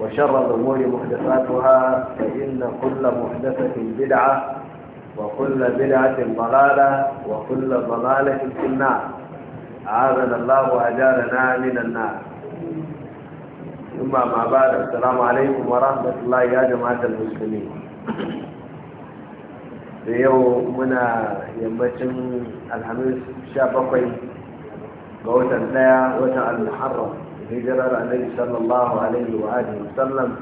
وشر الأمور محدثاتها فإن كل محدثة بدعة وكل بدعة ضلالة وكل ضلالة في النار أعاذنا الله وأجارنا من النار ثم ما بعد السلام عليكم ورحمة الله يا جماعة المسلمين اليوم منا يمتن الحميد alhamis sha bakwai ga المحرم hijirar annabi sallallahu alaihi wa alihi wasallam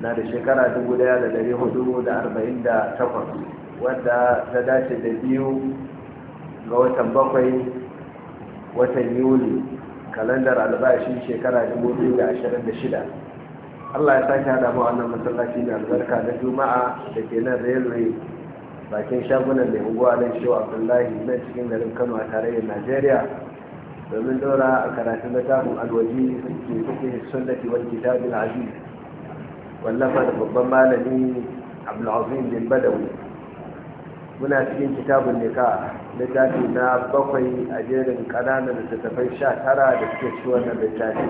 na da shekara 1448 wadda ta dace da biyu ga watan bakwai watan yuli kalandar albashi shekara 2026 Allah ya sake hada mu wannan masallaci mai albarka na juma'a da ke nan railway bakin shagunan mai unguwa don abdullahi na cikin garin kano a tarayyar najeriya domin daura a karatun littafin alwaji ke cikin sunnati wal kitabin aziz wallafa da babban malami abdulazim bin badawi muna cikin kitabun nika littafi na bakwai a jerin ƙananan littattafai sha tara da suke ci wannan littafi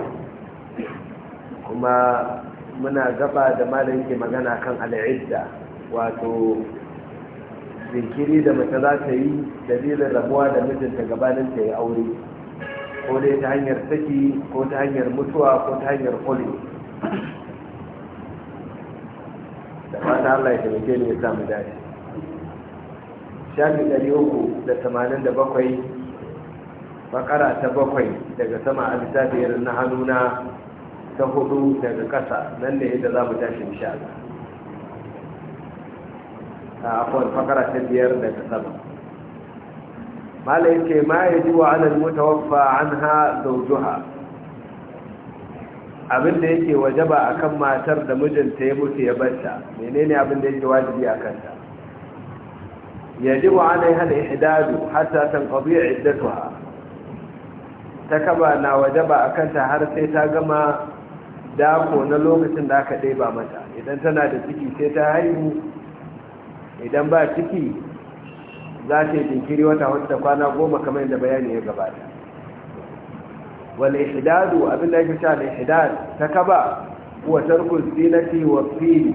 kuma muna gaba da malam ke magana kan al'idda wato zinkiri da mace za ta yi dalilin rabuwa da mijinta gabanin ta yi aure ko dai ta hanyar saki ko ta hanyar mutuwa ko ta hanyar polio da fata Allah ya taimake ni ya samu dace shafi ɗari uku da tamanin da bakwai bakara ta bakwai daga sama a lissafiyar na hannuna ta hudu daga ƙasa nan da yadda za mu tashi insha Allah a akwai fakara ta biyar daga sama mala yake ma ya ji wa alal mutawaffa anha zawjaha abin da yake wajaba akan matar da mijinta ya mutu ya barta menene abin da yake wajibi akan ta yajibu alaiha al-ihdadu hatta tanqadi iddatuha ta kaba na wajaba akan ta har sai ta gama dako na lokacin da aka ɗeba mata idan tana da ciki sai ta haihu idan ba ciki za ta yi jinkiri wata wata kwana goma kamar da bayani ya gabata Wani hidadu abin da ya fi sha ne ta kaba wa tarkun zinati wa fili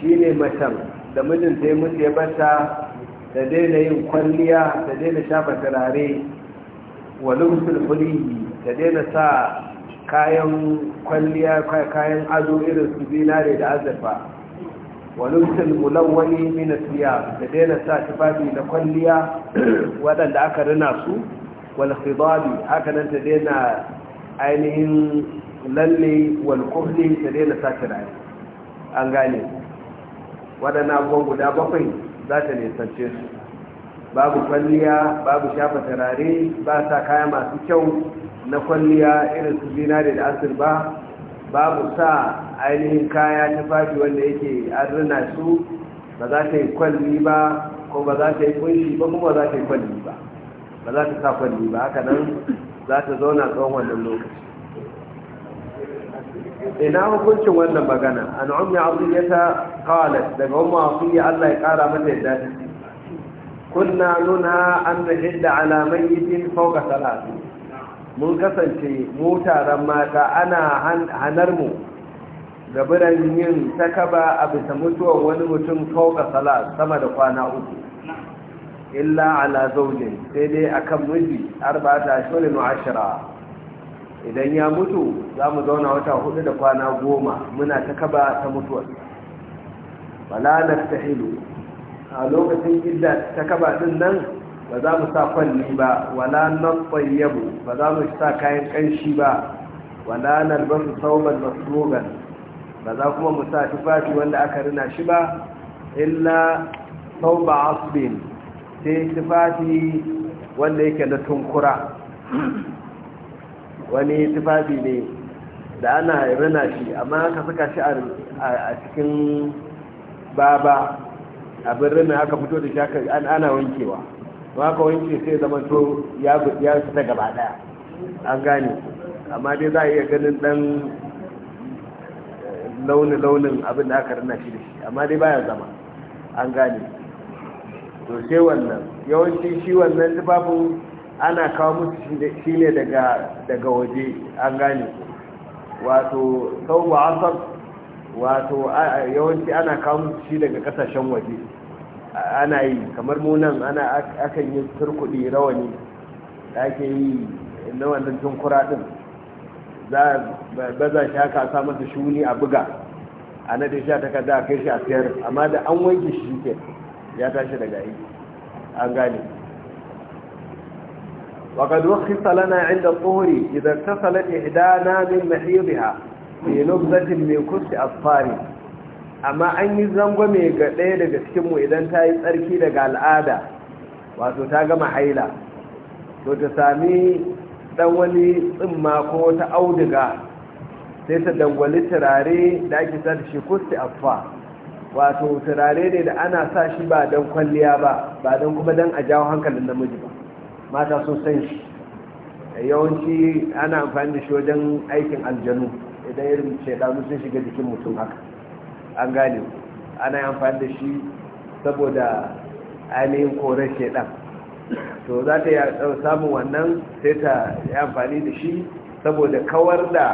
shi ne macen da mijinta ya mutu ya bata da daina yin kwalliya da daina shafa turare wa lumsul fulihi da daina sa kayan kwalliya kayan ado irin su zinare da azurfa walubtul mulawwali min asiyar da daina sa tufafi na kwalliya waɗanda aka rina su wal khidabi haka nan ta daina ainihin lalle wal kuhli ta daina sa turare an gane waɗannan abubuwan guda bakwai za ta nisance su babu kwalliya babu shafa turare ba sa kaya masu kyau na kwalliya irin su zinare da asir ba babu sa ainihin kaya tufafi wanda yake an su ba za ta yi kwalli ba ko ba za ta yi kunshi ba kuma ba za ta yi kwalli ba ba za ta sa kwalli ba haka nan za ta zauna tsawon wannan lokaci ina hukuncin wannan magana an ya abdiyata qalat daga ummu abdiya Allah ya kara mata yadda ta ce kunna nuna an nahidda ala mayyitin fawqa salati mun kasance mu taron mata ana hanar mu da biran yin takaba a bisa mutuwar wani mutum kauka sala sama da kwana uku illa ala zaujin sai dai akan miji arba'ata shurin ashira idan ya mutu za mu zauna wata hudu da kwana goma muna takaba ta mutuwar wala nastahilu a lokacin idda takaba din nan ba za mu sa kwalli ba wala bayyabu ba za mu sa kayan kanshi ba wala nalbasu sauban masrugan ba za kuma mu sa tufafi wanda aka rina shi ba illa tauba asbin sai tufafi wanda yake na tunkura wani tufafi ne da ana rina shi amma aka saka shi a cikin baba abin rina aka fito da shi ana wankewa ba ka wanke sai zama to ya fita gaba daya an gane amma dai za a iya ganin dan launin launin abin da aka rana shi da shi amma dai baya zama an gane to sai wannan yawanci shi wannan tufafin ana kawo musu shi ne daga waje an gane wato sauwa asar wato yawanci ana kawo musu shi daga kasashen waje ana yi kamar munan ana akan yi turkuɗi rawani da ake yi na wannan tunkura ɗin za baza shi haka a sa masa shuni a buga a nade shi a takarda a kai shi a sayar amma da an wanke shi ke ya tashi daga aiki an gane وقد رخص لنا عند الطهر إذا اتصلت إحدانا من محيضها في mai من a fari. amma an yi zango mai gaɗe daga cikinmu idan ta yi tsarki daga al'ada wato ta gama haila to ta sami dan wani tsimma ko wata auduga sai ta dangwali turare da ake sa da shi kusti affa wato turare ne da ana sa shi ba don kwalliya ba ba don kuma don a jawo hankalin namiji ba mata sun san shi yawanci ana amfani da shi wajen aikin aljanu idan irin shaidanu sun shiga jikin mutum haka an gane ana amfani da shi saboda ainihin koren shaidan to za ta yi samun wannan sai ta yi amfani da shi saboda kawar da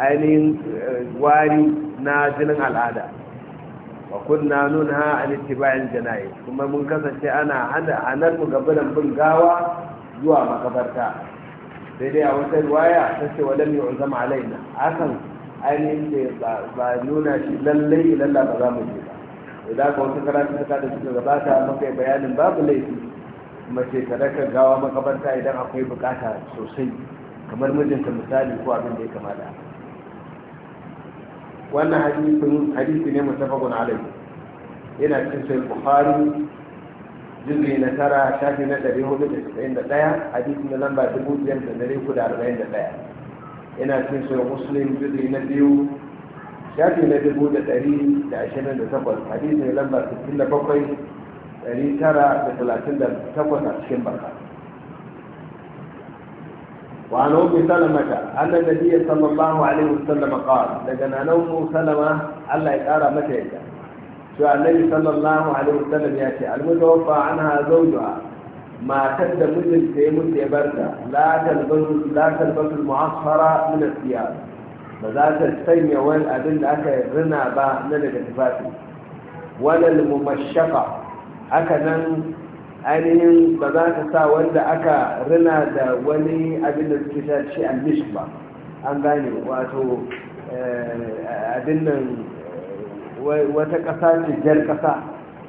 ainihin eh, wari na jinin al'ada wa kunna nun ha an bayan janayi kuma mun kasance ana hana hanar mu gabanin bin gawa zuwa makabarta sai dai a wata waya, ta ce wa lam yu'zam alaina akan ainihin da ba nuna shi lallai lalla ba za mu je ba idan ka wata karatu ta da suka gabata muka yi bayanin babu laifi mace ta gawa makabarta idan akwai bukata sosai kamar mijinta misali ko abin da ya kamata wannan hadisin hadisi ne mutafakun alai yana cikin sai bukhari jirgi na tara shafi na ɗari da da ɗaya hadisi na lamba dubu da da arba'in da ɗaya yana cikin sai muslim jirgi na biyu shafi na dubu da ɗari da ashirin da takwas hadisi na lamba 67 da 938 a cikin baka وعن أم سلمة أن النبي صلى الله عليه وسلم قال لجنا نوم سلمة ألا يقارى متى يجب شو النبي صلى الله عليه وسلم يأتي المتوفى عنها زوجها matar da mijinta ya mutu ya ta la talbasu mu'akhara min asiyar ba za ta sanya wani abin da aka rina ba na daga tufafi wala mumashshaqa haka nan ainihin ba za ka sa wanda aka rina da wani abin da suke sha shi almish ba an gane wato eh, abin nan wata ƙasa ce jar ƙasa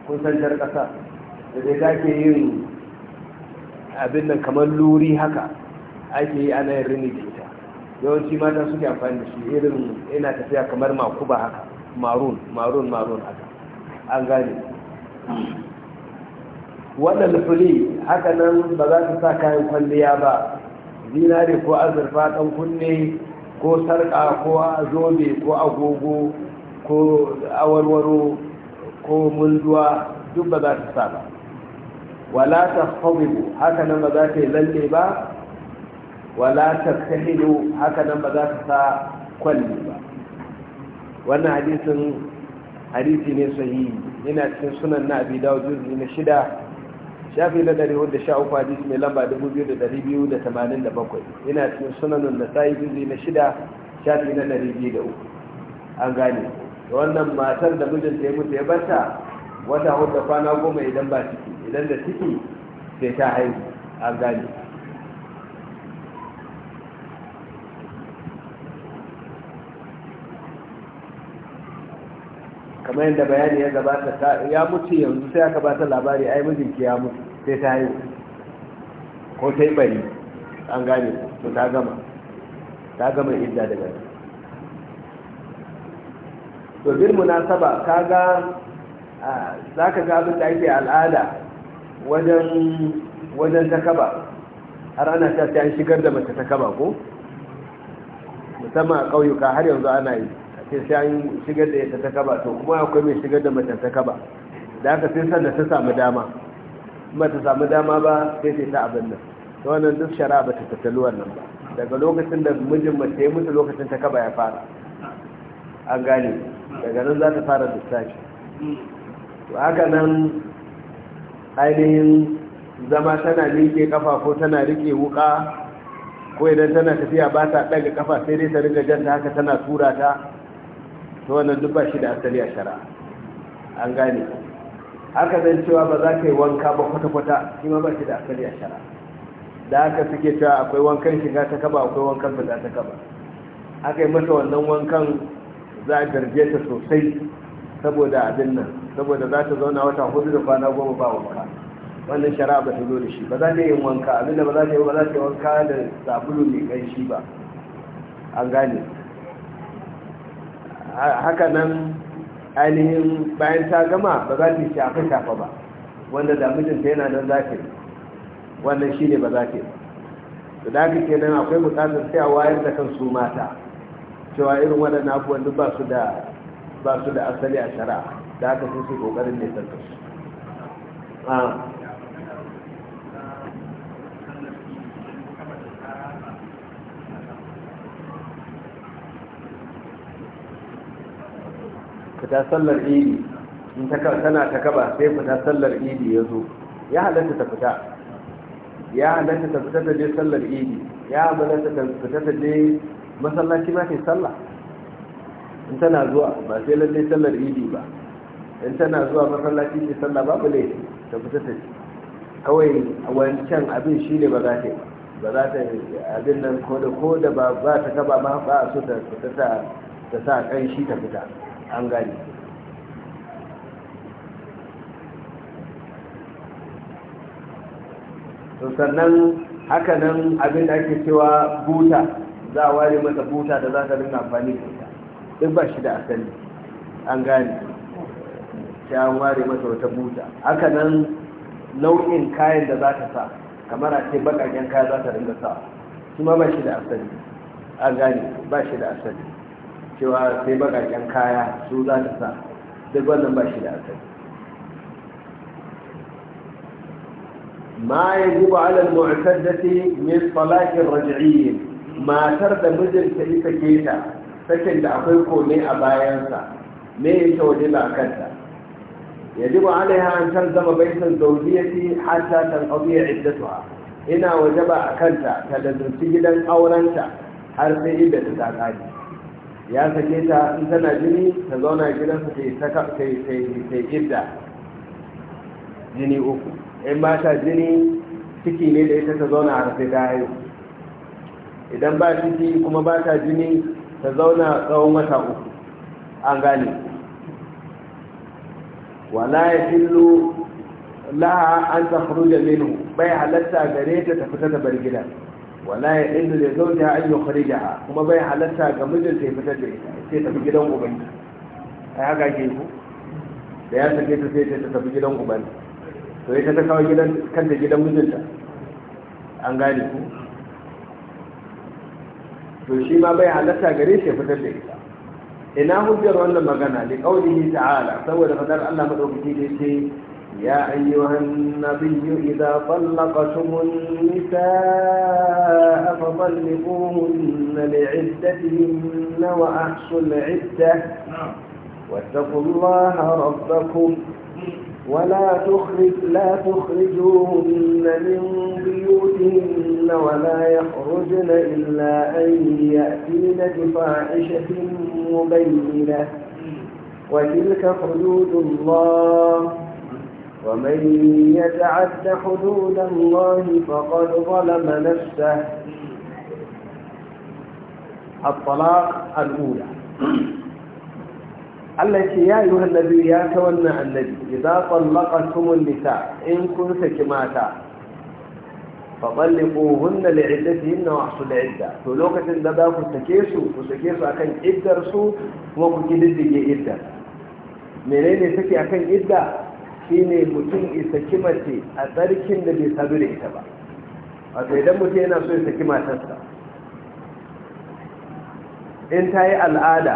kusan jar ƙasa da zai take yin abin nan kamar luri haka ake yi ana yin rini da ita yawanci mata suke amfani da shi irin ina tafiya kamar makuba haka marun marun marun haka an gane wannan fuli haka ba za su sa kayan kwalliya ba zinare ko azurfa ɗan kunne ko sarƙa ko zobe ko agogo ko awarwaro ko munduwa duk ba za su sa ba wala ta hawibu haka ba za ta yi lalle ba wala ta kahilu haka ba za ta sa kwalli ba wannan hadisin hadisi ne sahihi yana cikin sunan na abi dawo juzi na shida shafi na ɗari wanda sha uku hadisi mai lamba dubu biyu da ɗari biyu da tamanin da bakwai ina cikin sunanun na sayi juzi na shida shafi na ɗari biyu da uku an gane wannan matar da mijinta ya mutu ya bata wata hudu kwana goma idan ba ciki idan da ciki sai ta haihu an gane kamar yadda bayani ya gabata ya mutu yanzu sai aka ba ta labari ai mijinki ya mutu sai ta haihu ko ta yi bari an gane to ta gama ta gama idda daga to bil munasaba kaga za ka ga abin da ake al'ada wajen wajen takaba har ana ta an shigar da mace takaba ko musamman a ƙauyuka har yanzu ana yi sai sai shigar da ita ta kaba to kuma akwai mai shigar da mata ta kaba da haka sai sanda ta samu dama Kuma ta samu dama ba sai sai ta abin nan To wannan duk shari'a ba ta tattali wannan ba daga lokacin da mijin mace ya mutu lokacin ta kaba ya fara an gane daga nan za ta fara lissafi to haka nan ainihin zama tana rike kafa ko tana riƙe wuƙa ko idan tana tafiya ba ta ɗaga kafa sai dai ta rika janta haka tana tura ta to wannan duk ba shi da asali a shari'a an gane haka zan cewa ba za ka yi wanka ba kwata-kwata shi ma ba shi da asali a shari'a da haka suke cewa akwai wankan shiga ta kaba akwai wankan za ta kaba aka yi masa wannan wankan za a garje ta sosai saboda abin nan saboda za ta zauna wata hudu da kwana goma ba wanka wannan shari'a ba ta zo da shi ba za ta yi wanka abinda ba za ta yi ba za ta yi wanka da sabulu mai ƙanshi ba an gane haka nan ainihin bayan ta gama ba za ta shafa shafa ba wanda da mijinta yana nan zafi wannan shi ne ba zafi ta yi da akwai bukatar sai a wayar da kan su mata cewa irin waɗannan abubuwan duk ba su da asali a shari'a da aka sun su ƙoƙarin ne tattas fita sallar idi in tana ta kaba sai fita sallar idi ya zo ya halatta ta fita ya halatta ta fita ta je sallar idi ya halatta ta fita ta je masallaci ma ke sallah in tana zuwa ba sai lalle sallar idi ba in tana zuwa masallaci ke sallah babu ne ta fita ta kawai wancan abin shi ne ba za ta yi ba za ta abin nan ko da ba ta kaba ma ba a so ta fita ta sa kan shi ta fita an gane to sannan haka nan abin da ake cewa buta za a ware mata buta da za ka dinga amfani da ita duk ba shi da asali an gane shi an ware mata wata buta haka nan nau'in kayan da za ka sa kamar a ce bakaken kaya za ta dinga sa su ma ba shi da asali an gane ba shi da asali cewa sai bakakken kaya su za ta sa duk wannan ba shi da asali ma ya guba alal mu'tar da ta yi salakin raji'iyyin matar da mijinta ita keta sakin da akwai kome a bayansa me ya ce waje ba kanta ya ji ba ana yi hantar zama bai san zaujiyati hata ya abuwa tuwa, ina waje ba a kanta ta da gidan aurenta har sai ibe ta tsakani ya sake ta in tana jini ta zauna gidansa ta yi idda jini uku in ba ta jini ciki ne da ita ta zauna a sai ta haihu idan ba ciki kuma ba ta jini ta zauna tsawon wata uku an gane wala ya fillo laha an ta minu bai halatta gare ta ta fita ta bar gidan wala ya inda da zauta ya da ha kuma bai halatta ga mijinta ya fitar da ita sai tafi gidan uban ta haka ke ku da ya sake ta sai ta tafi gidan uban to ita ta kawo gidan kanta gidan mijinta an gane ku to shi ma bai halatta gare sai ya fitar da ita ina hujjar wannan magana da qaulihi ta'ala saboda fadar Allah madaukaki da yake يا أيها النبي إذا طلقتم النساء فطلقوهن لعدتهن وأحصوا العدة نعم. واتقوا الله ربكم ولا تخرج لا تخرجوهن من بيوتهن ولا يخرجن إلا أن يأتين بفاحشة مبينة وتلك حدود الله ومن يتعد حدود الله فقد ظلم نفسه الطلاق الأولى التي يا أيها النبي يا تولى النبي إذا طلقتم النساء إن كنت كماتا فطلقوهن لعدتهن واحصوا العدة فلوكة الدبا تكيسوا كتكيسوا أكن إدرسوا وكتددجي إدر منين تكي أكن إدر shine mutum isaki mace a tsarkin da bai sadu da ita ba a idan mutum yana so isa saki matarsa in ta yi al'ada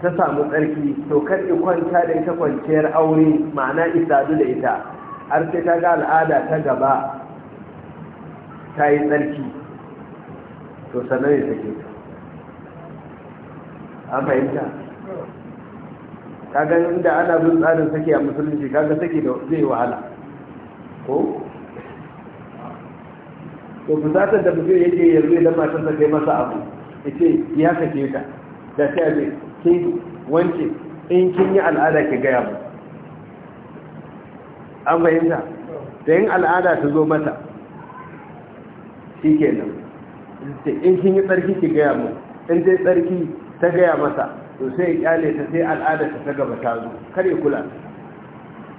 ta samu tsarki to kan i kwanta da ita kwanciyar aure ma'ana isadu da ita har sai ta ga al'ada ta gaba ta yi tsarki to sannan yi take ta fahimta kaga inda ana bin tsarin sake a musulunci kaga sake da zai wahala ko to fusatar da mutum yake yanzu idan matan sa kai masa abu yace ya sake ta da sai a ce ki wance in kin yi al'ada ki gaya mu an fahimta da yin al'ada ta zo mata shi nan. in kin yi tsarki ki gaya mu in dai tsarki ta gaya masa to sai kyale ta sai al'ada ta ta gaba ta zo kare kula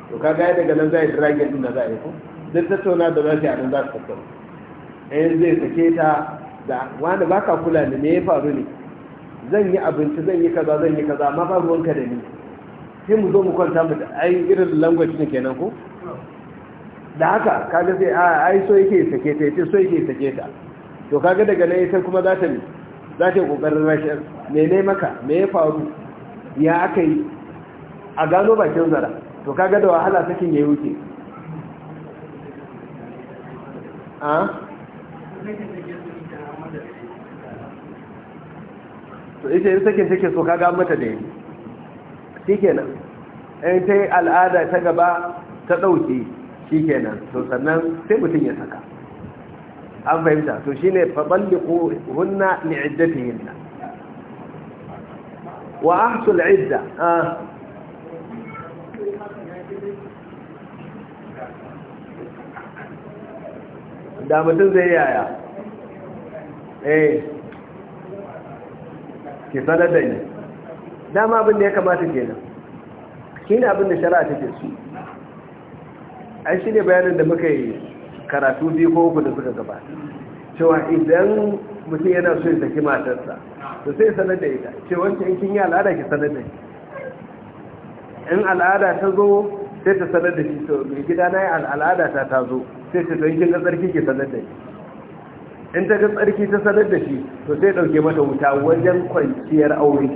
to ka gaya daga nan zai dragon din da za a yi ko duk tattauna da za su yi a nan za su tattauna eh zai sake ta da wanda baka kula ne me ya faru ne zan yi abinci zan yi kaza zan yi kaza amma ba ruwanka da ni sai mu zo mu kwanta mu ai irin language ne kenan ko da haka kaga sai ai so yake sake ta yace so yake sake ta to kaga daga nan sai kuma za ta ne za ta yi ƙoƙarin rashar mene maka me ya faru ya aka yi a gano bakin zara to kaga da wahala sakin ya yi wuce a? to ita yin sakin take so kaga mata da yi shi kenan in ta yi al'ada ta gaba ta ɗauke shi kenan to sannan sai mutum ya saka an fahimta to shi shine faballiqu hunna li'iddatihinna wa ahsul idda ah. da mutum zai yaya eh ki sanar da ni dama abin da ya kamata kenan shi ne abin da shari'a take su a shi ne bayanin da muka yi karatu biyu ko uku da suka gabata cewa idan mutum yana so ya saki matarsa to sai sanar da ita ce wancan in kin yi al'ada ki sanar da shi in al'ada ta zo sai ta sanar da shi to mai gida na yi al'ada ta ta zo sai ta don kin ga tsarki ki sanar da shi in ta ga tsarki ta sanar da shi to sai ɗauke mata wuta wajen kwanciyar aure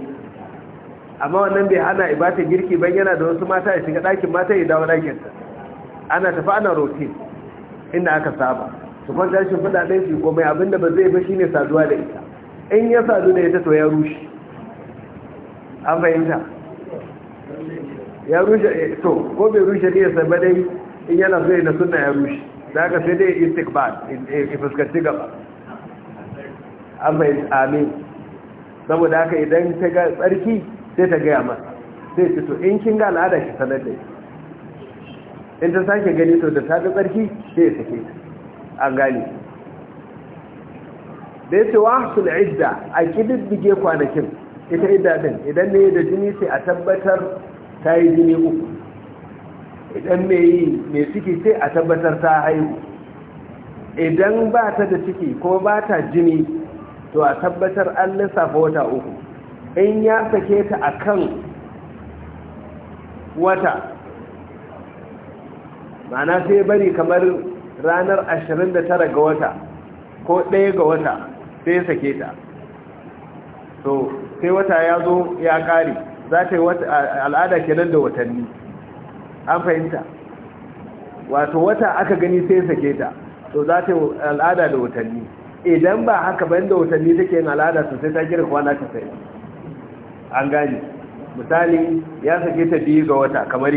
amma wannan bai hana ibata girki ban yana da wasu mata ya shiga ɗakin mata ya dawo ɗakinsa ana tafi ana rotin inda aka saba su kwanta shi fada ɗaya ko komai abinda ba zai ba ne saduwa da ita in ya sadu da ita to ya rushe an fahimta ya rushe eh, to ko bai rushe ne ya saba dai in yana zai da suna ya rushe da aka sai dai istikbal in eh, fuskanci gaba an fahimta amin saboda haka idan ta ga tsarki sai ta gaya masa sai ce to in kin ga al'ada shi sanar da ita in ta sake gani to da ta fi tsarki sai ya sake a gani da ya ce wa sun idda a kididdige kwanakin ita idda din idan ne da jini sai a tabbatar ta yi jini uku idan mai yi mai ciki sai a tabbatar ta haihu idan ba ta da ciki ko ba ta jini to a tabbatar an lissafa wata uku in ya sake ta a kan wata ma'ana sai bari kamar ranar 29 ga wata ko ɗaya ga wata sai sake ta to sai wata ya zo ya ƙare za ta yi al'ada kenan da watanni an fahimta wato wata aka gani sai sake ta to za ta yi al'ada da watanni idan ba haka bayan da watanni take yin al'ada sosai ta kira kwana ta sai an gani misali ya sake ta biyu ga wata kamar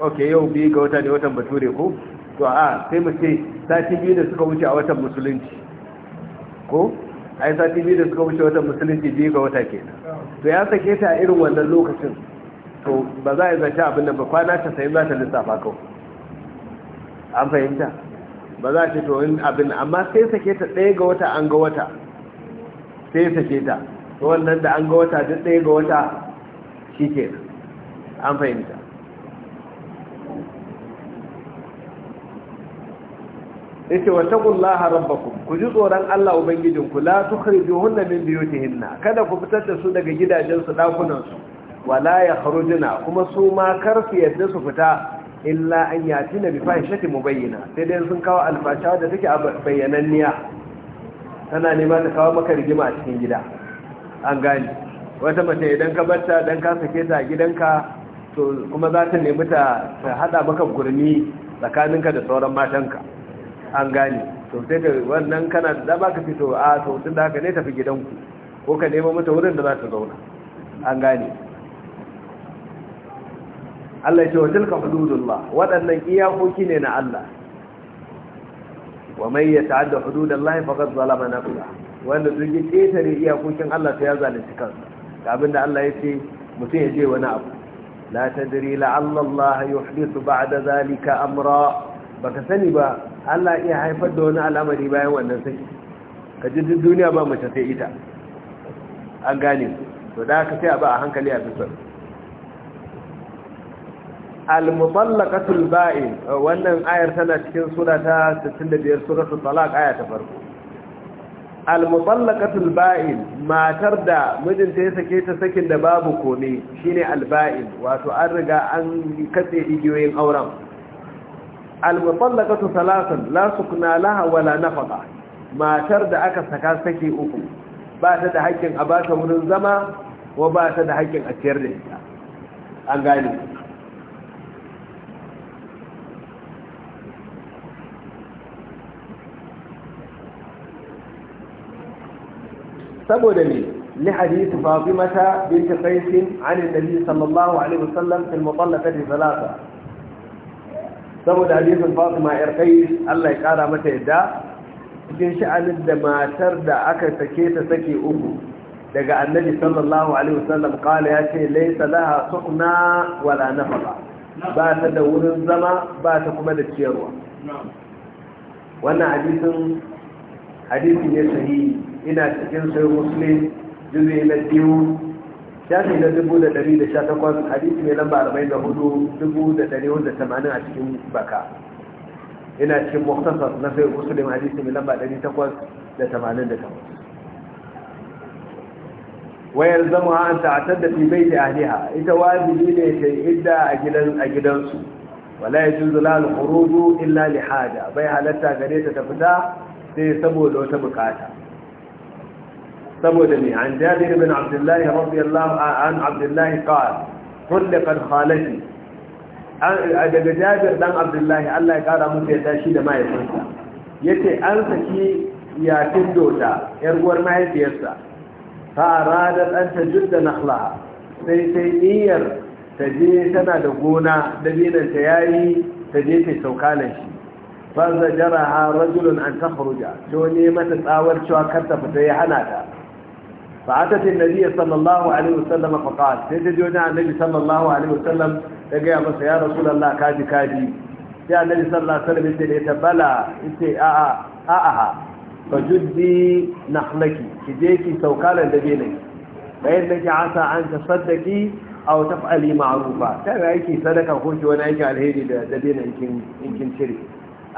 ok yau biyu ga wata ne watan bature ko to a sai mu ce sati biyu da suka wuce a watan musulunci ko ai sati biyu da suka wuce watan musulunci biyu ga wata ke to ya sake ta a irin wannan lokacin to ba za a yi zance abin da ba kwana ta sayi za ta lissafa kau an fahimta ba za a ce toyin abin amma sai sake ta ɗaya ga wata an ga wata sai sake ta wannan da an ga wata duk ɗaya ga wata shi ke an fahimta yace wa taqullaha rabbakum ku ji tsoron Allah ubangijinku la tukhrijuhunna min biyutihinna kada ku fitar da su daga gidajen su dakunan su wala yakhrujuna kuma su ma kar su yadda su fita illa an yatina bi shati mubayyana sai dai sun kawo alfasha da take bayyananniya tana nema ta kawo maka rigima a cikin gida an gani wata mace idan ka barta dan ka sake ta gidanka to kuma za ta nemi ta hada maka gurmi tsakaninka da sauran matanka an gane to sai wannan kana da ba ka fito a ah, to tun da haka ne tafi gidanku ko ka nemo mata wurin da za ta zauna an gane Allah ya ce wa tilka hududullah waɗannan iyakoki ne na Allah wa mai ya ta'adda hududallahi faqad zalama nafsa wanda duk ya ketare iyakokin Allah sai ya zalunci kansa ga abin da Allah ya ce mutum ya je wani abu la tadri la'alla Allah yuhdithu ba'da zalika amra baka sani ba Allah iya haifar da wani al'amari bayan wannan saki ka ji duk duniya ba mace sai ita an gane to da aka sai a ba a hankali a fisar al-mutallaqatul ba'in wannan ayar tana cikin sura ta 65 suratul talaq aya ta farko al-mutallaqatul ba'in matar da mijinta ya sake ta sakin da babu kome shine al-ba'in wato an riga an katse igiyoyin auren al-mutallaqatu thalathan la sukna laha wala nafaqa matar da aka saka sake uku ba ta da haƙƙin a bata wurin zama wa ba ta da haƙƙin a ciyar da ita an gane saboda ne لحديث فاطمة بنت قيس عن النبي صلى الله عليه وسلم في المطلقة ثلاثة saboda hadisin fatima yar kai Allah ya kara mata yadda cikin sha'anin da matar da aka sake ta sake uku daga annabi sallallahu alaihi wasallam kala ya ce laysa laha sukna wala nafaqa ba ta da wurin zama ba ta kuma da ciyarwa wannan hadisin hadisi ne sahihi ina cikin sahih muslim juzu na biyu shafi na dubu da dari da sha takwas hadisi mai lamba arba'in da hudu dubu da dari da tamanin a cikin baka ina cikin muktasar na sai musulun hadisi mai lamba ɗari takwas da tamanin da takwas wayar zama an ta'atar da fibai da ahliha ita wajibi ne ta idda a gidan a gidansu wala ya juzu la al illa li haja bai halatta gare ta ta fita sai saboda wata bukata saboda ne an jabir bin abdullahi radiyallahu an abdullahi qala hulqat khalati daga jabir dan abdullahi Allah ya kara musu yadda shi da mahaifinsa yace an saki yakin dota yar uwar mahaifiyarsa fa aradat an tajudda nakhlaha sai sai niyyar ta je tana da gona dabinan ta yayi ta je ta saukalan shi fa zajaraha rajulun an takhruja to ne mata tsawar cewa kar ta fita ya hana ta فأتت النبي صلى الله عليه وسلم فقال سيد سيدنا النبي صلى الله عليه وسلم تقيا بس يا رسول الله كاجي كاجي يا النبي صلى الله عليه وسلم يقول يتبلى يقول آآها فجدي نحلك كجيكي سوكالا دبيني فإنك عسى أن تصدقي أو تفعلي معروفة كان أيكي صدقة خوش وانا أيكي على هيدي دبيني إن كنت شرك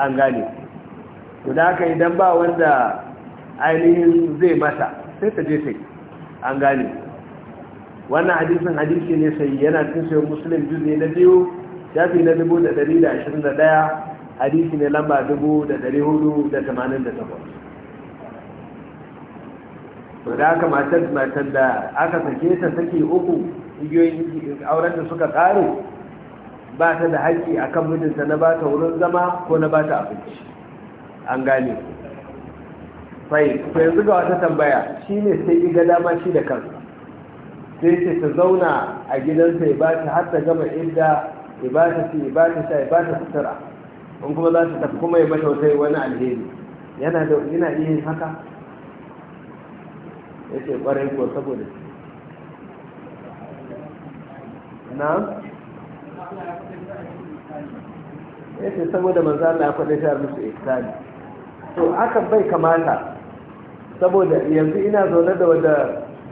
أنغاني وذاك إذن با وانا ainihin zai mata sai ta je ta an gane wannan hadisin hadisi ne sai yana cikin sayo muslim juzi na biyu shafi na dubu da dari da ashirin da ɗaya hadisi ne lamba dubu da dari hudu da tamanin da takwas to da aka matar matar da aka sake ta sake uku igiyoyin auren da suka ƙare ba ta da haƙƙi akan mijinta na ba ta wurin zama ko na ba ta abinci an gane ku sai to yanzu ga wata tambaya shi ne sai iga dama shi da kansa sai ce ta zauna a gidansa ya ba ta har ta gama idda ya ba ta ci ya ba ta sha ya ba ta sutura in kuma za ta tafi kuma ya mata wata wani alheri yana da yana iya yin haka ya ce kwarai ko saboda na ya ce saboda manzana ya faɗa shi musu ihsani to aka bai kamata saboda yanzu ina zaune da wadda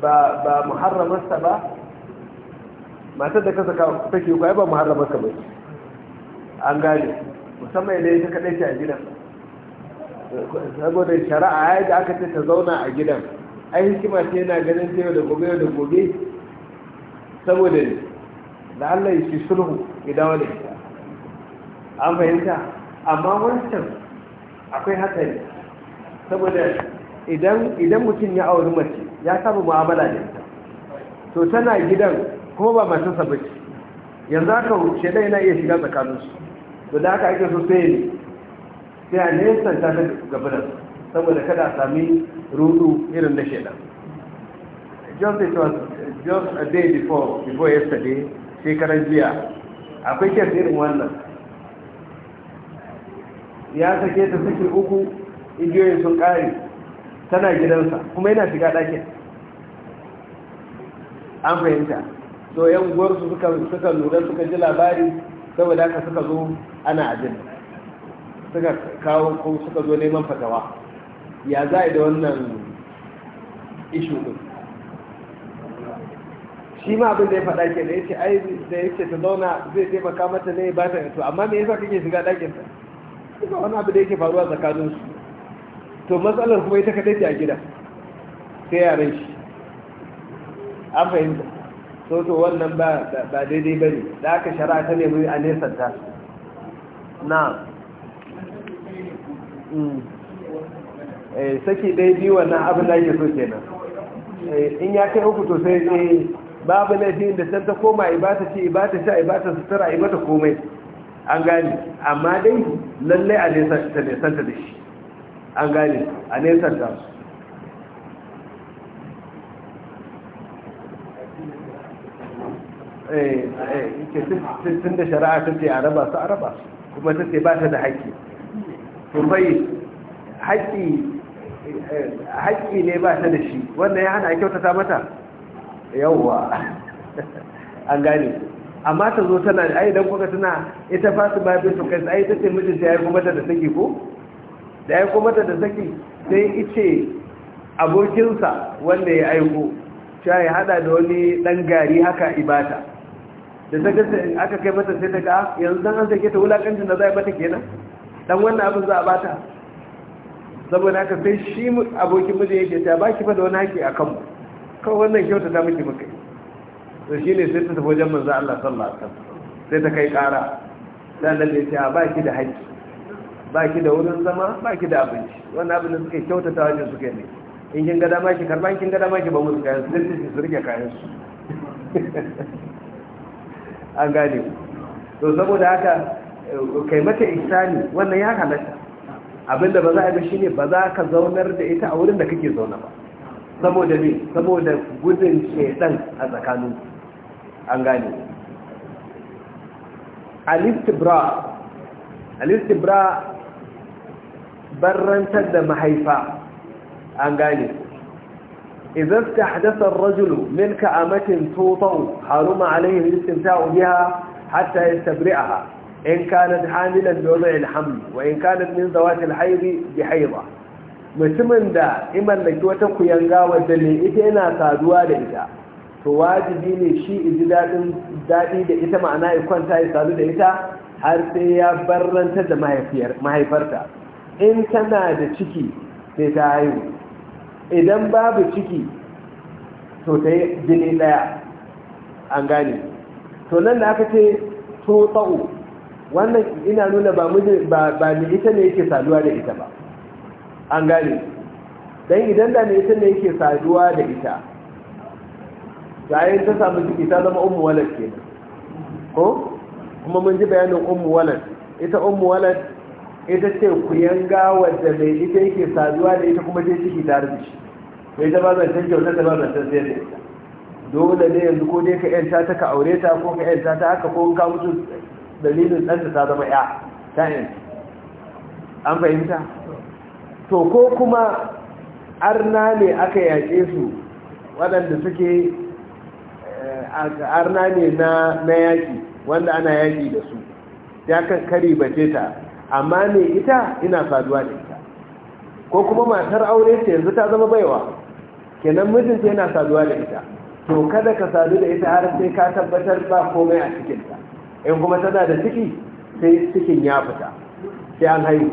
ba muharramarsa ba matar da ka saka take kwaye ba muharramarsa ba an gane musamman idan ta kaɗai ce a gidan saboda shari'a ya da aka ce ta zauna a gidan ai hikima ce yana ganin ta yau da gobe yau da gobe saboda ne da Allah ya shi sulhu idan wani an fahimta amma wancan akwai hatsari saboda idan mutum ya auri mace ya samu mu'amala da ita to tana gidan kuma ba masu sabaci yanzu aka wuce dai na iya shiga tsakaninsu to da aka ake so sai ne sai a nesan ta ta gabanar saboda kada a sami rudu irin na shaidan just it was just a day before before yesterday shekaran jiya akwai kyan irin wannan ya sake ta saki uku igiyoyin sun kare tana gidansa kuma yana shiga ɗakin an fahimta so yan gwarsu suka lura suka ji labari saboda haka suka zo ana ajin suka kawo ko suka zo neman fatawa ya za da wannan ishu ɗin shi ma abin da ya faɗa ke da ya ce ai da ya ce ta zauna zai taimaka mata ne ba ta yato amma me yasa kake shiga ɗakinsa? suka wani abu da yake faruwa tsakaninsu to matsalar kuma ita ka ce a gida sai a shi an fahimta so to wannan ba daidai ba ne da aka shara ta nemi a ta. na mm. eh, saki ɗaya biyu wannan abin da yake so kenan eh, in ya kai uku to sai babu laifin da san ta koma ibata ce ibata sha ibata sutura ibata komai an gani amma dai lallai a nesanta da shi an gane a nesar eh, eh, ta tun da shari'a ta ce a raba su a raba kuma ta ce ba ta da haƙƙi to bai eh, haƙƙi ne ba ta da shi Wannan ya hana a kyautata mata yawwa an gane amma ta zo tana ai idan kuka tana ita fasu ba bai su kai ai ta ce mijinta ya yi kuma ta da saki ko da ya kuma da saki sai ice abokinsa wanda ya aiko sha ya hada da wani dan gari haka ibata da ta gasa aka kai mata sai daga ah, yanzu dan an sake ta wulakancin da za a bata kenan dan wannan abin za a bata saboda haka sai shi abokin miji yake ta baki fa da wani haƙi a kanmu kawai wannan kyauta ta miki muka to shi ne sai ta tafi wajen manzo Allah sallallahu alaihi wasallam sai ta kai ƙara sai da ya ce a ah, baki da haƙi ba ki da wurin zama ba ki da abinci wannan abin da suka kyautata wajen suka ne in kin gada ma ki karban kin gada ma ki ba musu kayan su dinsu su rike kayan su an gane to saboda haka eh, kai mata ihsani wannan ya halatta abinda ba za a yi shine ba za ka zaunar da ita a wurin da kake zauna ba saboda ne, saboda gudun shedan a tsakanin an gane alistibra alistibra barrantar da mahaifa an gane idan ta hadasar rajulu min ka'amatin tutau haruma alaihi istimta'u biha hatta yastabri'aha in kanat hamilan bi wada'il haml wa in kanat min zawati al-hayd bi haydha mutumin da imallaki wata kuyanga wadda ne ita yana saduwa da ita to wajibi ne shi iji daɗin daɗi da ita ma'ana ya kwanta ya sadu da ita har sai ya barrantar da mahaifarta in tana da ciki sai ta haihu idan babu ciki to ta yi jini daya an gane to nan da aka ce to tsawo wannan ina nuna ba ni ita ne yake saduwa da ita ba an gane don idan da ni ita ne yake saduwa da ita yayin ta samu ciki ta zama umu walad ke ko kuma mun ji bayanin umu walad ita umu walad ita ce ku yanga wadda mai ita yake saduwa da ita kuma sai ciki ta rufe shi Mai ta can zancen kyautar da ba zancen sayar da ita dole ne yanzu ko dai ka yanta ta ka aure ta ko ka yanta ta haka ko ka mutu dalilin ɗanta ta zama ya ta yin an fahimta to ko kuma arna ne aka yaƙe su waɗanda suke eh, arna ne na yaƙi wanda ana yaƙi da su ya kan kari bace ta amma ne ita ina saduwa da ita ko kuma matar aure ce yanzu ta zama baiwa kenan mijinta yana saduwa da ita to kada ka sadu da ita har sai ka tabbatar ba komai a cikinta in kuma tana da ciki sai cikin ya fita sai an haihu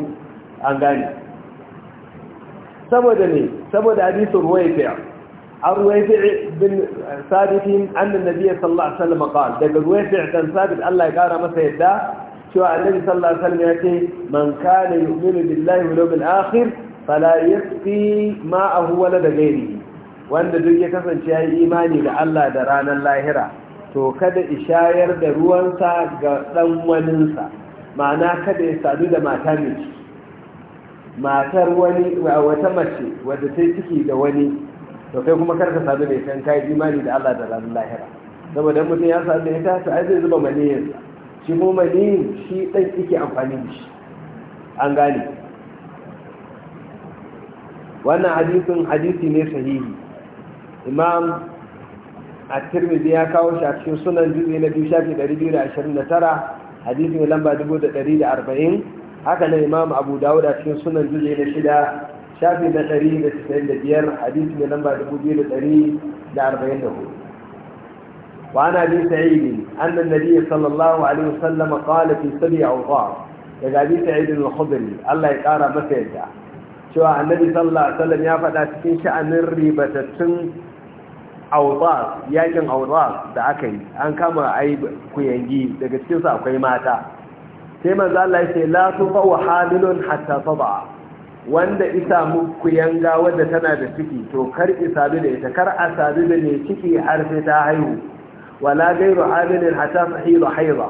an gane saboda ne saboda hadisin ruwaifiya an ruwaifiya bin sabitin annan nabiya sallallahu alaihi wasallam qala daga ruwaifiya dan sabit Allah ya kara masa yadda cewa annabi sallallahu alaihi wasallam ya ce man kana yu'minu billahi wal yawmil akhir fala yasqi ma huwa da gairi wanda duk ya kasance ya yi imani da Allah da ranar lahira to kada ishayar da ruwansa ga dan waninsa ma'ana kada ya sadu da mata mai matar wani wata mace wadda ta ciki da wani to kai kuma karka sadu da ita kai imani da Allah da ranar lahira saboda mutum ya sadu da ita to ai zai zuba maniyyarsa shi kuma ne shi ɗan ike amfani da shi an gane wannan hadisun hadisi ne sahihi imam a tirmidhi ya kawo shi a cikin sunan jirgin na biyu shafi 229 hadisi mai lamba 140 haka nan imam abu dawud a cikin sunan jirgin na shida shafi na 195 hadisi mai lamba hudu. وعن أبي سعيد أن النبي صلى الله عليه وسلم قال في سبع عطار daga abi sa'idin al-khudri Allah ya kara masa yadda cewa annabi sallallahu alaihi wasallam ya faɗa cikin sha'anin ribatattun awdas yakin awdas da aka yi an kama ai kuyangi daga cikin su akwai mata sai manzo Allah ya ce la tuqaw hatta tada wanda isa mu kuyanga wanda tana da ciki to kar isabi da ita kar asabi da ne ciki har sai ta haihu wala gairu hamilin hata sahilu haira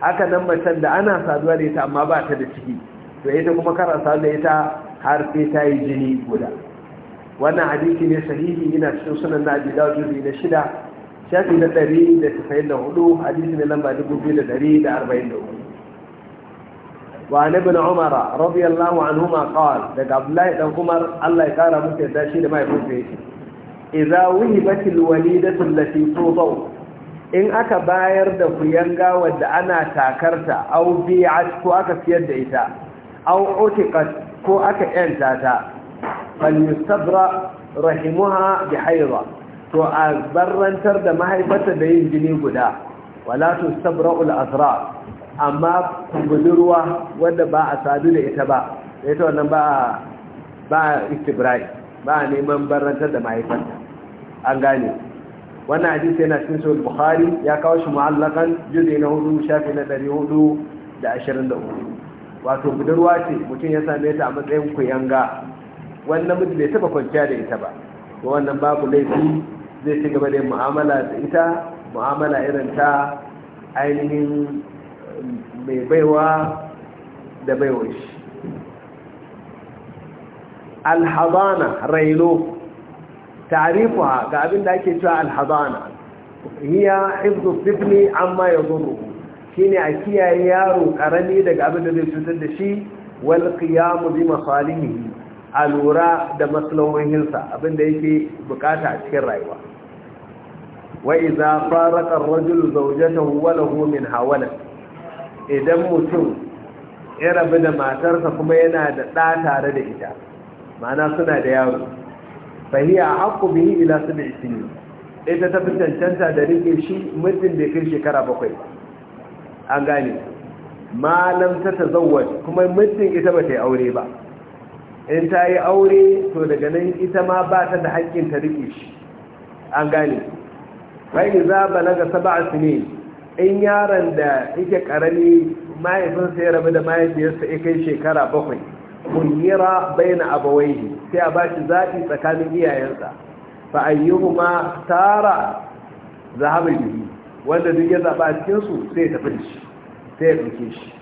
haka nan macen da ana saduwa da ita amma ba ta da ciki to ita kuma kara saduwa da ita har sai ta yi jini guda wannan hadisi ne sahihi ina cikin sunan na abi dawud juzi na shida shafi na ɗari da tafayin da hudu hadisi ne lamba dubu biyu da ɗari da arba'in da hudu وعن ابن عمر رضي الله عنهما قال لك عبد الله بن عمر الله يقال ممكن ده شيء ما يكون فيه إذا وهبت الوليدة التي توضع in aka bayar da kuyanga wadda ana takarta au bi'at ko aka siyar da ita au utiqat ko aka yanta ta fal yustabra rahimuha bi hayra to a barrantar da mahaifata da yin jini guda wala sabra al azra amma kubudurwa wadda ba a sadu da ita ba ita wannan ba ba istibrai ba neman barantar da mahaifata an gane wannan hadisi yana cikin sahih bukhari ya kawo shi mu'allakan juz'i na hudu shafi na ɗari da ashirin da hudu wato budurwa ce mutum ya same ta a matsayin kuyanga Wannan miji bai taba kwanciya da ita ba to wannan babu laifi zai ci gaba da mu'amala da ita mu'amala irin ta ainihin mai baiwa da baiwa shi alhazana Railo. ta'rifuha ga abin da ake cewa alhazana hiya hifdhu tifli amma yadurru shine a kiyaye yaro karami daga abin da zai cutar da shi wal qiyam bi masalihi a lura da maslahohinsa abin da yake bukata a cikin rayuwa wa idza faraqa ar-rajulu zawjatahu wa lahu hawala idan mutum ya rabu da matarsa kuma yana da ɗa tare da ita ma'ana suna da yaro fahiya haƙƙu bihi ila sab'i sinin ita ta fi cancanta da rike shi muddin kai shekara bakwai an gane malam ta tazawwaj kuma muddin ita ba ta yi aure ba in ta yi aure to daga nan ita ma ba ta da haƙƙin ta rike shi an gane bai za balaga a sinin in yaron da yake karami mahaifinsa ya rabu da mahaifiyarsa ya kai shekara bakwai kunyira bai na abawaihi sai a bashi zaɓi tsakanin iyayensa fa ma tara zahabul bihi wanda duk ya zaba cikin su sai ya tafi shi sai ya dauke shi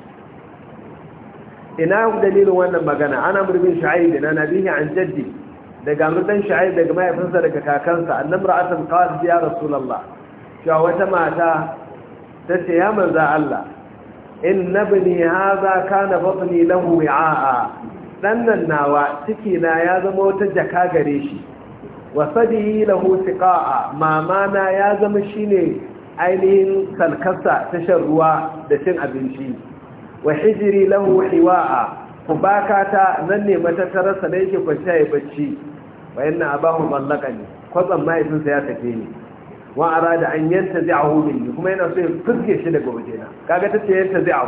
ina dalilin wannan magana ana murbin shu'aib na nabihi an jaddi daga murdan shu'aib daga mahaifinsa daga kakansa annamra'atan qalat ya rasulullah cewa wata mata ta ce ya manza Allah in nabni hadha kana batni lahu wi'a'a ɗannan nawa ciki na ya zama wata jaka gare shi wasadi lahu tiqa'a mamana ya zama shine ainihin kalkasa ta shan ruwa da cin abinci wa hijri lahu hiwa'a kubaka ta nan ne matattararsa da yake kwanciya ya bacci wa yanna abahu mallaka ne kwatsan mahaifinsa ya take ni wa arada an yanta zai kuma yana so ya fuske shi daga wajena kaga ta ce yanta zai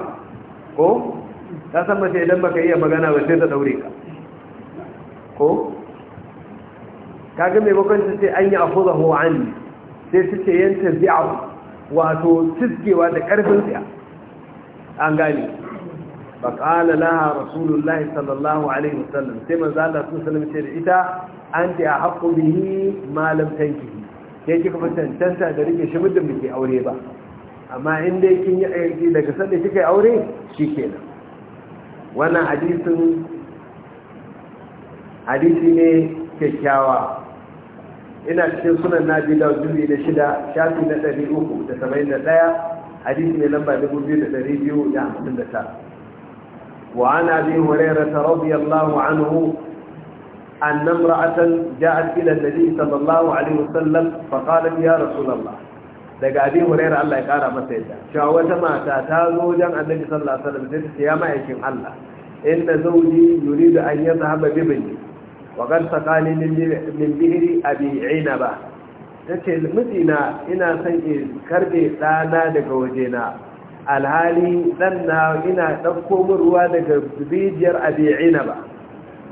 ko ka san mace idan baka iya magana ba sai ta daure ka ko kaga mai bakon ce an yi akhudhu an sai tace yanta zi'a wato tiskewa da karfin tsiya an gane faqala laha rasulullahi sallallahu alaihi wasallam sai manzo Allah sun alaihi ce da ita anti haqqu bihi ma lam tankihi sai kika fa tantanta da rike shi muddin biki aure ba amma in dai kin yi daga sanda kika yi aure shikenan wannan hadisin hadisi ne kyakkyawa ina cikin sunan na biyu da juzi da shida shafi na ɗari uku da saba'in da ɗaya hadisi ne lamba dubu biyu da ɗari biyu da hamsin da tara وعن أبي هريرة رضي الله عنه أن امرأة جاءت إلى النبي صلى الله عليه وسلم فقالت يا رسول الله daga abin hurairah Allah ya kara masa yadda cewa wata mata ta zo wajen annabi sallallahu alaihi wasallam sai ta ya ma'aikin Allah zauji yuri da an yadhhaba bi bini wa kan saqani min bihri abi inaba tace mijina ina son in karbe dana daga wajena alhali dan na ina dauko min ruwa daga bibiyar abi inaba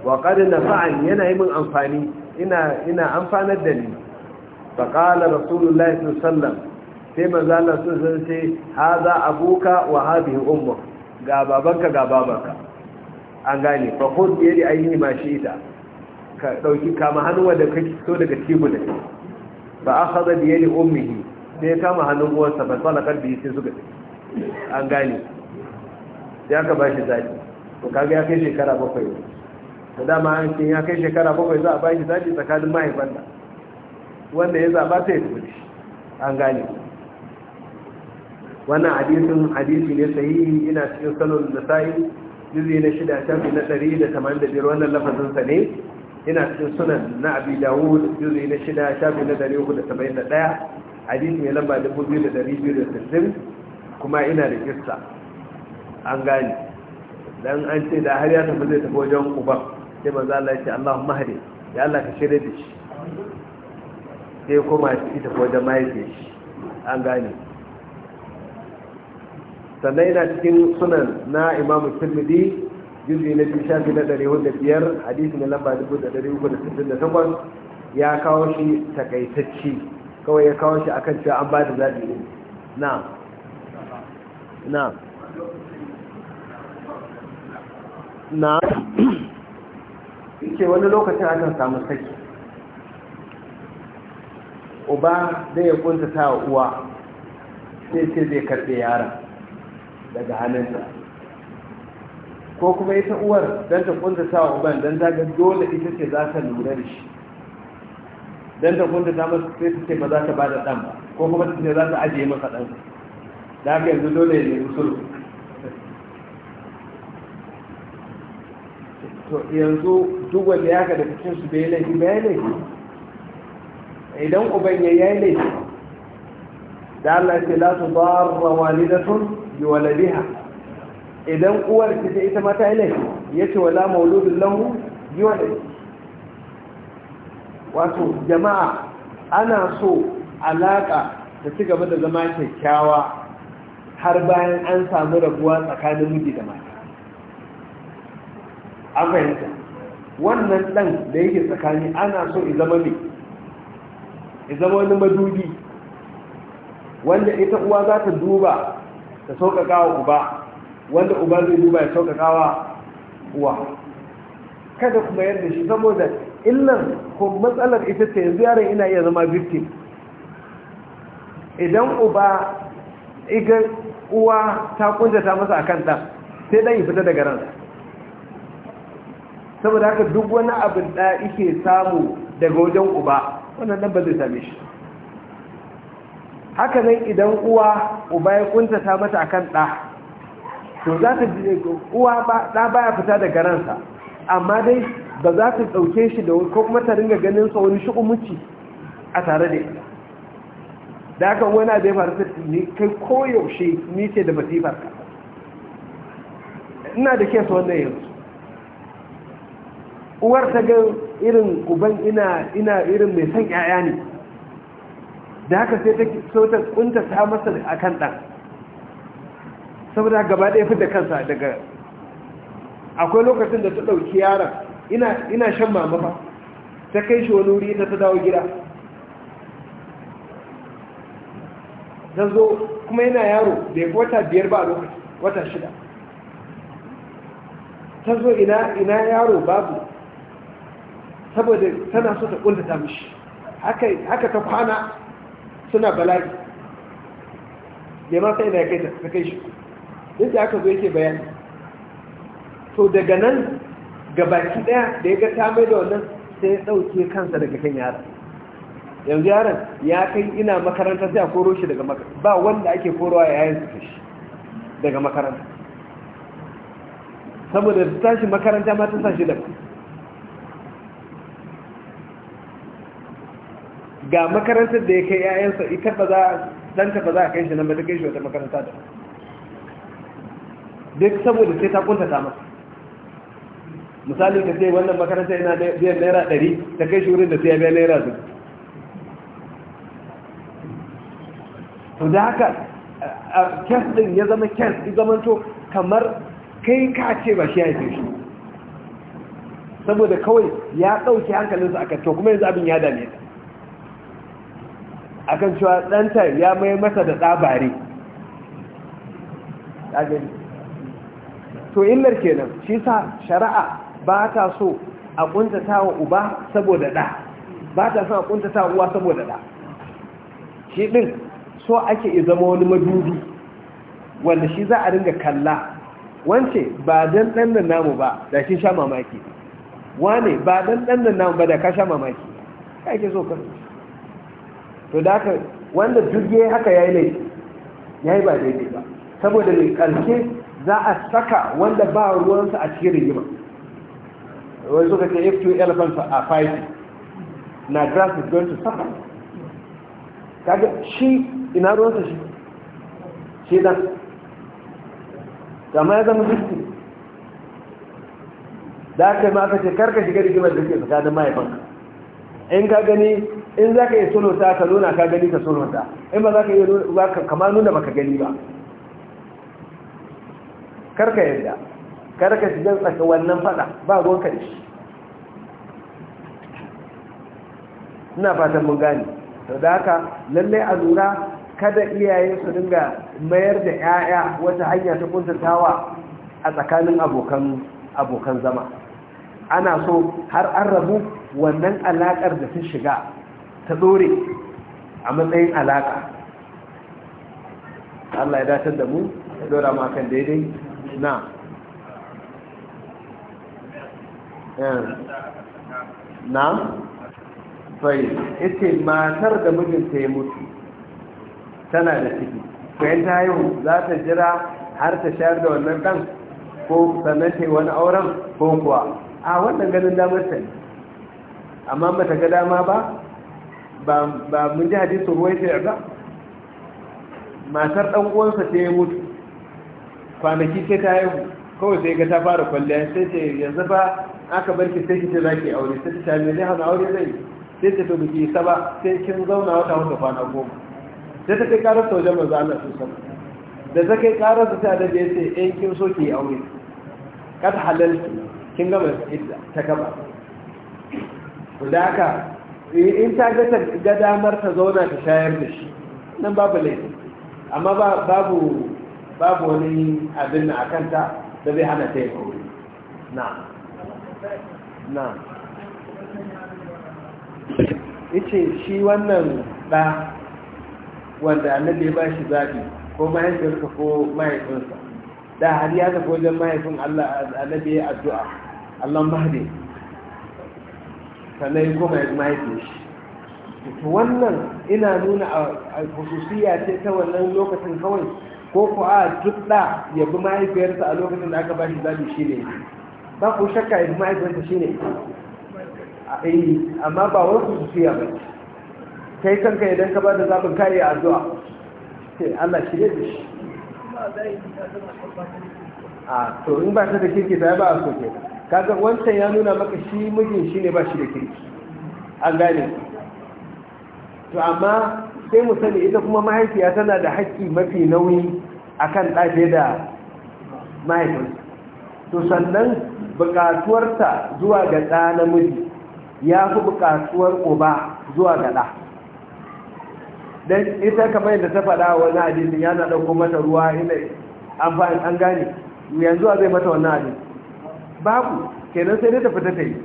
wa qad nafa'an yana yi min amfani ina ina amfanar da ni فقال رسول الله صلى الله عليه sai manzo Allah sun san sai haza abuka wa hadhihi ummuk ga babanka ga babanka an gane fa khud bi yadi ayyi ma shi'ta ka dauki kama hannuwa da kake so daga cibu da fa akhadha bi yadi ummihi sai kama hannun uwarsa fa salakar bi sai suka an gane ka ba bashi zaki to kaga ya kai shekara bakwai da dama an ce ya kai shekara bakwai za a bashi zaki tsakanin mahaifan da wanda ya zaba sai ya tafi an gane wannan hadisin hadisi ne sahihi ina cikin salon nasa'i juzi na shida shafi na ɗari da tamanin da biyar wannan lafazinsa ne ina cikin sunan na abi dawud juzi na shida shafi na ɗari uku da tamanin da ɗaya hadisi mai lamba dubu biyu da ɗari biyu da sittin kuma ina da kissa an gane dan an ce da har ya tafi zai tafi wajen uban sai manzo Allah ya ce Allahumma hadi ya Allah ka shirye da shi sai kuma ya tafi wajen mahaifiyar shi an gane sannan yana cikin sunan na imamu tirmidhi juzi na biyu shafi na ɗari hudu biyar hadisi na lamba dubu da ɗari hudu da sittin da takwas ya kawo shi takaitacci kawai ya kawo shi akan cewa an ba da zaɓi ne na na na ce wani lokacin akan samu saki uba zai ya kunta ta uwa sai ce zai karɓe yaron daga hannunsa ko kuma ita uwar don ta kunta sa uban don ta ga dole ita ce za ta lura da shi don ta kunta ta masa sai ta ce ba za ta ba da ɗan ba ko kuma ta ce za ta ajiye masa ɗan da haka yanzu dole ya nemi sulhu to yanzu duk wanda ya ga da cikin su bai laifi bai laifi idan uban ya yi laifi da Allah ya ce la tudarra walidatun biwaladiha idan uwar ta ita mata ilai ya ce wala mauludin lahu biwaladi wato jama'a ana so alaƙa da ci gaba da zama kyakkyawa har bayan an samu rabuwa tsakanin miji da mata Akwai fahimta wannan dan da yake tsakani ana so izama ne izama wani madubi wanda ita uwa za ta duba ta sauƙaƙa wa uba wanda uba zai duba ya sauƙaƙa wa uwa kada kuma yadda shi saboda illan ko matsalar ita ce yanzu yaran ina iya zama victim idan uba iga uwa ta kunjata masa akan ɗan sai ɗan yi fita daga ransa saboda haka duk wani abin da ike samu daga wajen uba wannan ɗan ba zai same shi haka nan idan uwa uba ya kuntata mata akan ɗa to za ta uwa ɗa baya fita daga ransa amma dai ba za ta ɗauke shi da ko kuma ta ringa ganin sa wani shi'umuci a tare da ita da haka wani abu ya faru ta ne kai koyaushe ni ce da masifar ka ina da kesa wannan yanzu uwar ta ga irin uban ina ina irin mai son 'ya'ya ne da haka sai ta sautar kunta ta masa a kan ɗan saboda gaba ɗaya fi da kansa daga akwai lokacin da ta ɗauki yaron ina shan mama ba ta kai shi wani wuri ta ta dawo gida ta zo kuma yana yaro da ya wata biyar ba a lokaci wata shida ta zo ina yaro babu saboda tana so ta ƙunta ta mishi haka ta kwana suna bala'i da ma sai da ya kai ta shi duk da aka zo yake bayani to daga nan gabaki daya da ya ga ta mai da wannan sai ya ɗauke kansa daga kan yaran yanzu yaron ya kai ina makaranta sai a koro shi daga makaranta ba wanda ake korowa yayin su shi daga makaranta saboda ta tashi makaranta ma ta sa shi daga ga makarantar da ya kai ‘ya'yansa ita ba za ɗanta ba za a kai shi nan ba ta kai shi wata makaranta da duk saboda sai ta kunta ta masa misali ka sai wannan makaranta yana biyan naira ɗari ta kai shi wurin da sai ya biya naira zuwa to da haka a kes ɗin ya zama kes ya zama to kamar kai ka ce ba shi ya haife shi saboda kawai ya ɗauki hankalinsa a kan to kuma yanzu abin ya dame ta akan cewa ɗanta ya mai masa da tsabare to illar kenan shi sa shari'a ba ta so a kuntata wa uba saboda ɗa ba ta so a kuntata wa uwa saboda ɗa shi ɗin so ake zama wani madubi wanda shi za a ringa kalla wance ba don ɗannan namu ba da shi sha mamaki wane ba don ɗannan namu ba da ka sha mamaki ka ake so karfi to da aka wanda duk yayi haka yayi ya yayi ba daidai ba saboda ne karshe za a saka wanda ba ruwansa a cikin rigima wani suka ce if two elephants are fighting na grass is going to suffer kaga shi ina ruwansa shi shi dan kama ya zama zikin da aka yi ma aka ce karka shiga rigimar da ke tsakanin mahaifanka in ka gani in za ka yi solota ka nuna ka gani ka solota in ba za ka iya kama nuna baka gani ba karka yadda karka shiga tsaka wannan fada ba gonka ka shi ina fatan mun gani to da haka lallai a lura kada iyaye su dinga mayar da 'ya'ya wata hanya ta kuntatawa a tsakanin abokan zama ana so har an rabu wannan alaƙar da su shiga ta dore a matsayin alaka Allah ya datar da mu ya dora makan daidai na na bai ita matar da mijinta ya mutu tana da ciki bayan ta yi za ta jira har ta shayar da wannan ɗan ko sannan ta wani auren ko kuwa a wannan ganin damar ta ne amma mata ga dama ba ba mun ji hadisun ruwaita ba matar ɗan uwansa ta yi mutu kwanaki sai ta haihu kawai sai ga ta fara kwalliya sai ce yanzu ba aka bar ki sai ki ce za ki aure sai ta me ne hana aure zai sai ta to biki saba sai kin zauna wata wata kwana goma sai ta kai karar ta wajen manzo su sama da ta kai karar ta ta da ya ce ɗan eh, kin so ki aure kad halal kin gama ta kaba da haka Eh, in ta ga damar ta zauna ta shayar da shi nan babu laifi amma babu babu wani abin a kanta da zai hana ta yi aure na na ice shi wannan ɗa wanda annabi ba shi zaɓi ko mahaifinsa ko mahaifinsa da har ya zafi wajen mahaifin allah annabi ya addu'a allah mahdi sannan ya koma ya mahaifin shi wannan ina nuna a hususiya ce ta wannan lokacin kawai ko ku a duk da ya bi mahaifiyarsa a lokacin da aka ba shi shi ne ba ku shakka ya bi mahaifiyarsa shi ne a yi eh, amma ba wani hususiya ba kai kanka idan ka ba da zaɓin kare a zuwa sai allah shi ne da shi a to in ba ta da kirki ta ba a so ke kaga wancan ya nuna maka shi mijin shi ne ba shi da kirki an gane to amma sai mu sani ita kuma mahaifiya tana da haƙƙi mafi nauyi akan ɗafe da mahaifinsa to sannan buƙatuwarta zuwa ga ɗa namiji ya fi buƙatuwar uba zuwa ga ɗa don ita kamar yadda ta faɗa wa wani hadisin yana ɗauko mata ruwa ina an an gane yanzu a zai mata wannan hadisin babu kenan sai dai ta fita ta yi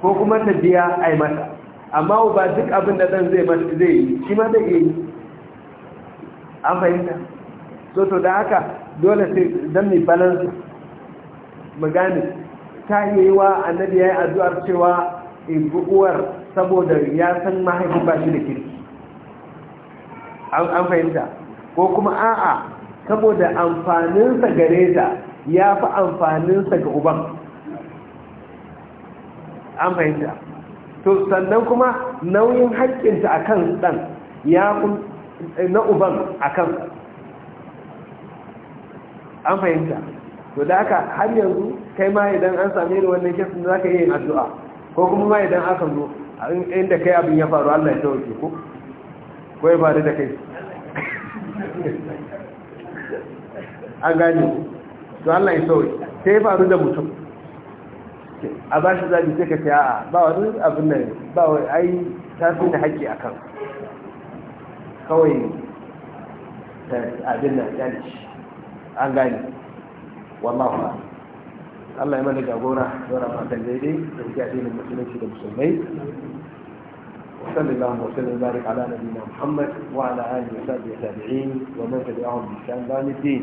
ko kuma ta biya ai mata amma ba duk abin da dan zai mata zai yi shi ma da yi an fahimta so to da haka dole sai dan mai balance magani ta yi wa annabi ya yi addu'ar cewa uwar saboda ya san mahaifin ba shi da kirki an fahimta ko kuma a'a saboda amfaninsa gare ta ya fi amfaninsa ga uban an fahimta to sannan kuma nauyin haƙƙinta a kan ɗan ya eh, na uban a kan an fahimta to da aka har yanzu kai ma idan an same da wannan kesin za ka yi yin addu'a ko kuma ma idan aka zo inda kai abin ya faru Allah ya tauke ko ko ya faru da kai an gane to Allah ya sauri sai ya faru da mutum a ba shi zaɓi sai ka ce a ba wani abin nan ba wai ai ta fi da haƙƙi a kan kawai ta eh, abin nan ya ci an gane wallahu Allah ya mana jagora zuwa matan daidai da ya ce da musulunci da musulmai وصلى الله وسلم وبارك على نبينا محمد وعلى اله وصحبه التابعين ومن تبعهم بإحسان الى الدين